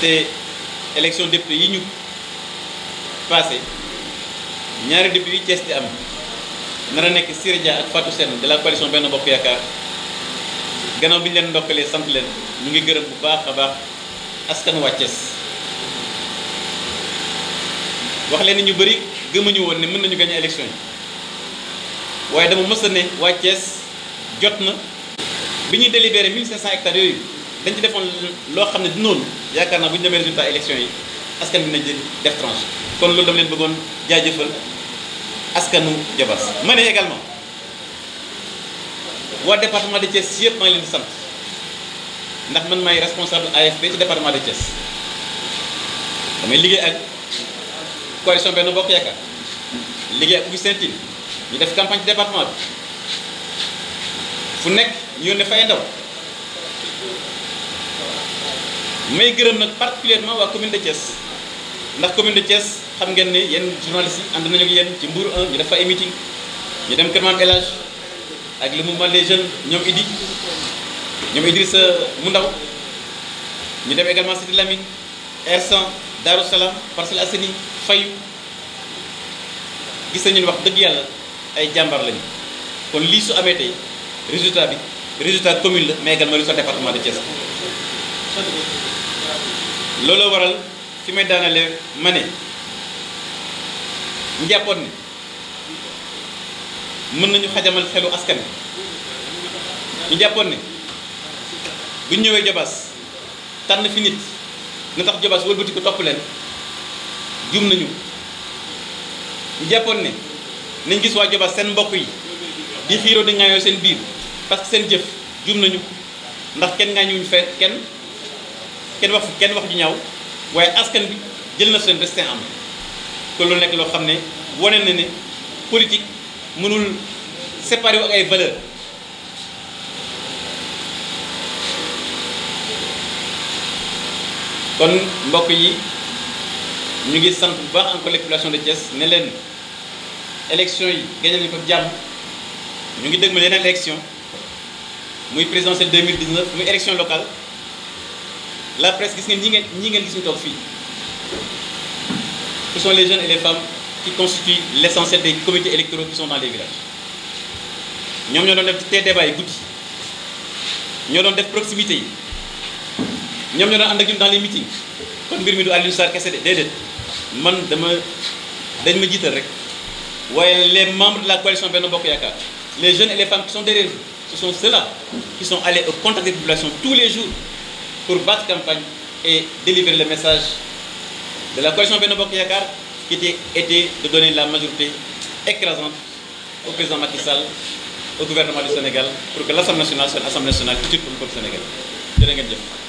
te élection député yi ñu passé ñaari député yi Thiès di am nar a nekk Siré ak Fatou Sène de la coalition benn Bokk Yaakaar gannaaw bi ñu leen ndokkalee sant leen mu ngi gërëm bu baax a baax askan waa Thiès wax leen ñu bëri gëmuñu woon ne mën nañu gañe élection yi waaye dama mës ne waa jot na bi ñuy délibéré 1500 hectares yooyu. dañ ci defoon loo xam ne du noonu yaakaar naa bu ñu demee résultat élection yi askan bi nañ leen def tranche kon loolu dama leen bëggoon jaajëfal askanu Diobass ma ne également waa département de Thiès yëpp maa ngi sant ndax man maay responsable AFP ci département de liggéey ak coalition benn Bokk Yaakaar liggéey ak Augustin ñu def campagne ci département bi fu nekk ñu yónnee fay ndaw may gërëm nag particulièrement waa commune de Thiès ndax commune de Thiès xam ngeen ne yenn journalistes yi ànd nañu ak yéen ci Mbour 1 ñu def fa ay meeting ñu dem Kër Maam El Hadj ak le mouvement des jeunes ñoom Idi ñoom Idrissa mu ndaw ñu dem également Cité Lamine Ersan Darou Salam Parcelles Assainies Fayu gis nañu wax dëgg yàlla ay jàmbaar lañu kon lii su amee tey résultat bi résultat commune la mais également résultat département de Thiès. looloo waral fi may daanalee ma ne ñu jàppoon ne mën nañu xajamal xelu askan ñu jàppoon ne bu ñu ñëwee jobaas tànn fi nit na tax jobaas wëlbati ko topp leen jum nañu ñu jàppoon ne nañ gis waa jobaas seen mbokk yi di xiiroo di ŋaayoo seen biir parce que seen jëf jum nañu ndax kenn ŋaañuwuñ fe kenn kenn wax kenn wax ju ñaaw waaye askan bi jël na seen destin am ko loolu nekk loo xam ne wane na ne politique mënul séparer wu ak ay valeur kon mbokk yi ñu ngi sant bu baax encore les de Thiès ne leen élection yi gagné yi ko jàmm ñu ngi dëgmal yeneen élection muy présidentielle 2019 muy élection locale la presque gis ngeen ñi ngeen ñi ngeen gis ñu toog fii ce sont les jeunes et les femmes qui constituent l'essentiel des comités électoraux qui sont dans les villages ñoom ñoo doon def tee débat yi guddi ñoo doon def proximité yi ñoom ñoo doon ànd ak ñun dans les meetings kon mbir mi du Aliou Sarr kese de déedéet man dama dañ ma jiital rek waaye les membres de la coalition benn Bokk Yaakaar les jeunes et les femmes qui sont derrière vous ce sont ceux-là qui sont allés au contact les jours pour battre campagne et délivrer le message de la coalition Benno Bokk Yaakaar qui était, était de donner la majorité écrasante au président Macky au gouvernement du Sénégal pour que l'Assemblée nationale soit l'Assemblée nationale utile pour le peuple sénégalais jërë ngeen